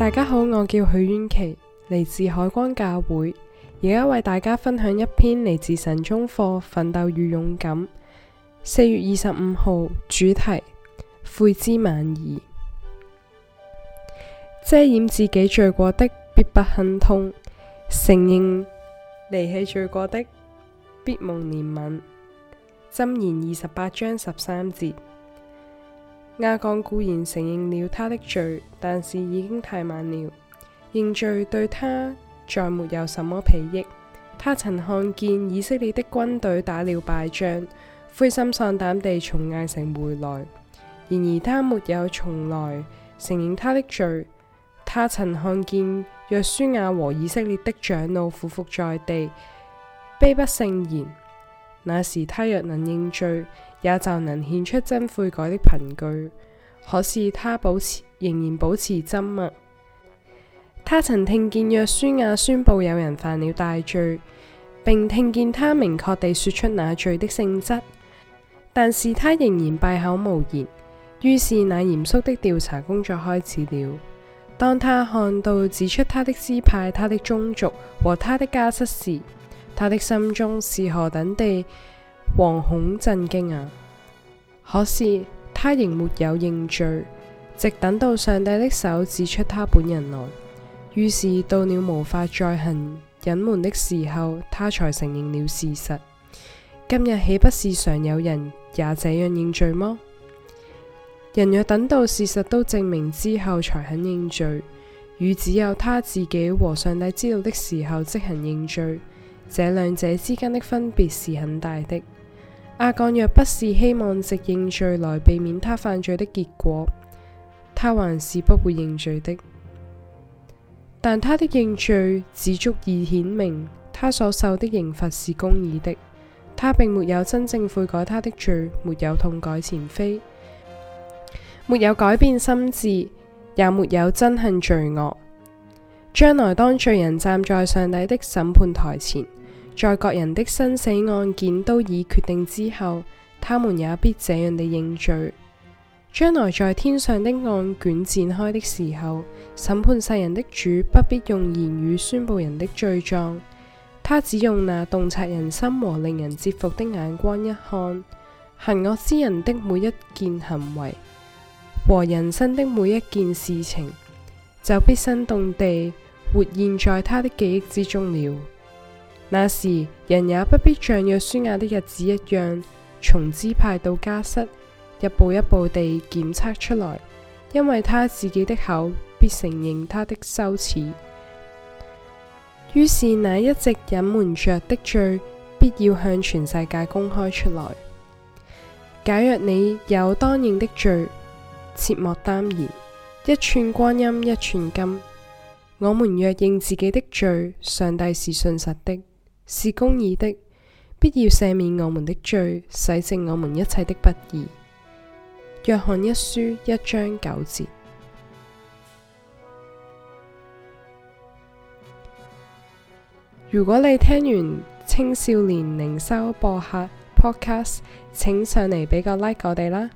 大家好，我叫許婉琪，嚟自海關教會，而家為大家分享一篇嚟自神中課《奮鬥與勇敢》。四月二十五號，主題悔之晚矣，遮掩自己罪過的必不亨通，承認離棄罪過的必蒙憐憫。箴言二十八章十三節。亞干固然承認了他的罪，但是已經太晚了。認罪對他再沒有什麼裨益。他曾看見以色列的軍隊打了敗仗，灰心喪膽地從艾城回來。然而他沒有從來承認他的罪。他曾看見約書亞和以色列的長老俯伏，伏在地，悲不勝言。那時他若能認罪，也就能顯出真悔改的憑據，可是他保持仍然保持沉默。他曾聽見約書亞宣布有人犯了大罪，並聽見他明確地說出那罪的性質，但是他仍然閉口無言。於是那嚴肅的調查工作開始了。當他看到指出他的支派、他的宗族和他的家室時，他的心中是何等地！惶恐震驚啊！可是他仍沒有認罪，直等到上帝的手指出他本人來，於是到了無法再行隱瞞的時候，他才承認了事實。今日豈不是常有人也這樣認罪嗎？人若等到事實都證明之後才肯認罪，與只有他自己和上帝知道的時候即行認罪，這兩者之間的分別是很大的。亞干若不是希望藉認罪來避免他犯罪的結果，他還是不會認罪的。但他的認罪只足以顯明他所受的刑罰是公義的。他並沒有真正悔改他的罪，沒有痛改前非，沒有改變心智，也沒有憎恨罪惡。將來當罪人站在上帝的審判台前。在各人的生死案件都已決定之後，他們也必這樣的認罪。將來在天上的案卷展開的時候，審判世人的主不必用言語宣布人的罪狀，他只用那洞察人心和令人折服的眼光一看，行惡之人的每一件行為和人生的每一件事情，就必生動地活現在他的記憶之中了。那時人也不必像約書亞的日子一樣，從支派到家室，一步一步地檢測出來，因為他自己的口必承認他的羞恥。於是那一直隱瞞着的罪，必要向全世界公開出來。假若你有當認的罪，切莫擔疑。一寸光陰一寸金。我們若認自己的罪，上帝是信實的。是公義的，必要赦免我們的罪，洗淨我們一切的不義。約翰一書一章九節。如果你聽完青少年靈修博客 podcast，請上嚟俾個 like 我哋啦。